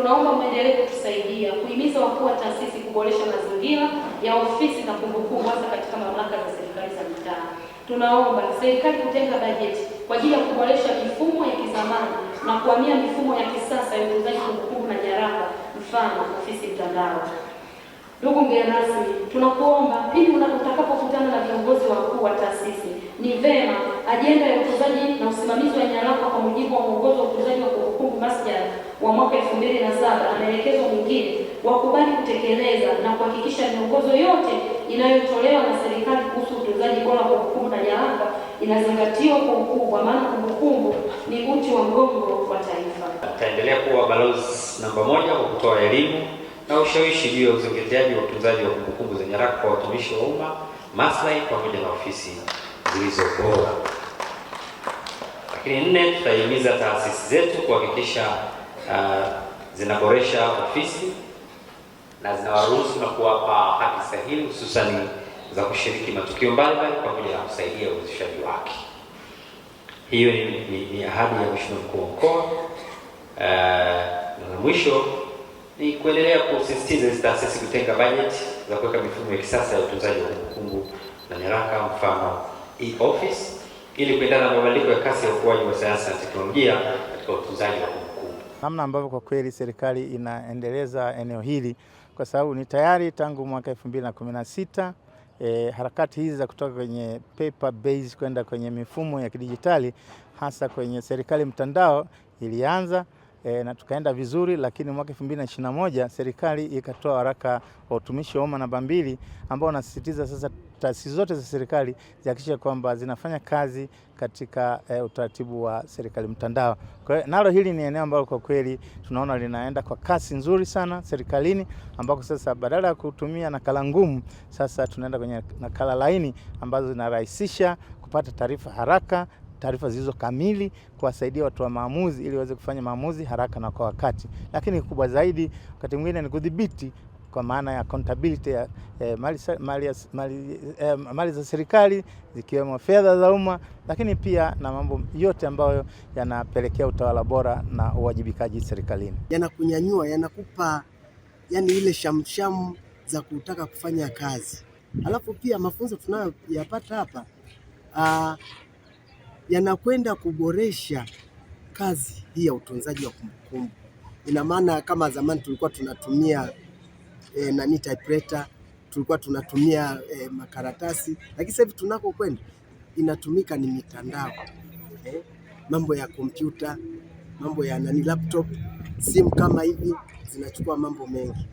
Tunaomba mwendelee kutusaidia kuhimiza wakuu wa taasisi kuboresha mazingira ya ofisi na kumbukumbu, hasa katika mamlaka za serikali za mitaa. Tunaomba serikali kutenga bajeti kwa ajili ya kuboresha mifumo ya kizamani na kuhamia mifumo ya kisasa ya utunzaji kumbukumbu na nyaraka, mfano ofisi mtandao. Ndugu mgeni rasmi, tunakuomba pindi utakapokutana na viongozi wakuu wa taasisi, ni vema ajenda ya utunzaji na usimamizi wa nyaraka kwa mujibu wa mwongozo wa utunzaji wa kumbukumbu masjala wa mwaka 2007 na maelekezo mwingine wakubali kutekeleza na kuhakikisha miongozo yote inayotolewa na serikali kuhusu utunzaji bora wa kumbukumbu na nyaraka inazingatiwa kwa ukubwa, maana kumbukumbu ni uti wa mgongo wa taifa. Tutaendelea kuwa balozi namba moja kwa kutoa elimu na ushawishi juu ya uzingatiaji wa utunzaji wa kumbukumbu za nyaraka kwa watumishi wa umma, maslahi pamoja na ofisi zilizo bora. Lakini nne, tutahimiza taasisi zetu kuhakikisha Ah, zinaboresha ofisi na zinawaruhusu na kuwapa haki sahihi hususani za kushiriki matukio mbalimbali pamoja na kusaidia uwezeshaji wake. Hiyo ni, ni, ni ahadi ya Mheshimiwa Mkuu wa Mkoa. Uh, na mwisho ni kuendelea kusisitiza hizi taasisi kutenga bajeti za kuweka mifumo ya kisasa ya utunzaji wa kumbukumbu na nyaraka, mfano e-office, ili kuendana na mabadiliko ya kasi ya ukuaji wa sayansi na teknolojia katika utunzaji wa kumbukumbu namna ambavyo kwa kweli serikali inaendeleza eneo hili, kwa sababu ni tayari tangu mwaka 2016 E, eh, harakati hizi za kutoka kwenye paper base kwenda kwenye mifumo ya kidijitali hasa kwenye serikali mtandao ilianza e, na tukaenda vizuri, lakini mwaka moja serikali ikatoa waraka wa utumishi wa umma namba mbili ambao unasisitiza sasa taasisi zote za serikali zihakikishe kwamba zinafanya kazi katika e, utaratibu wa serikali mtandao. Kwa hiyo nalo hili ni eneo ambalo kwa kweli tunaona linaenda kwa kasi nzuri sana serikalini, ambako sasa badala ya kutumia nakala ngumu, sasa tunaenda kwenye nakala laini ambazo zinarahisisha kupata taarifa haraka taarifa zilizo kamili kuwasaidia watu wa maamuzi ili waweze kufanya maamuzi haraka na kwa wakati, lakini kubwa zaidi wakati mwingine ni kudhibiti kwa maana ya accountability ya eh, mali, mali, mali, eh, mali za serikali zikiwemo fedha za umma, lakini pia na mambo yote ambayo yanapelekea utawala bora na uwajibikaji serikalini. Yanakunyanyua, yanakupa yani ile shamsham za kutaka kufanya kazi. Alafu pia mafunzo tunayoyapata hapa uh, yanakwenda kuboresha kazi hii ya utunzaji wa kumbukumbu. Ina maana kama zamani tulikuwa tunatumia e, nani typewriter, tulikuwa tunatumia e, makaratasi, lakini sasa hivi tunako kwenda inatumika ni mitandao e, mambo ya kompyuta, mambo ya nani laptop, simu kama hivi zinachukua mambo mengi.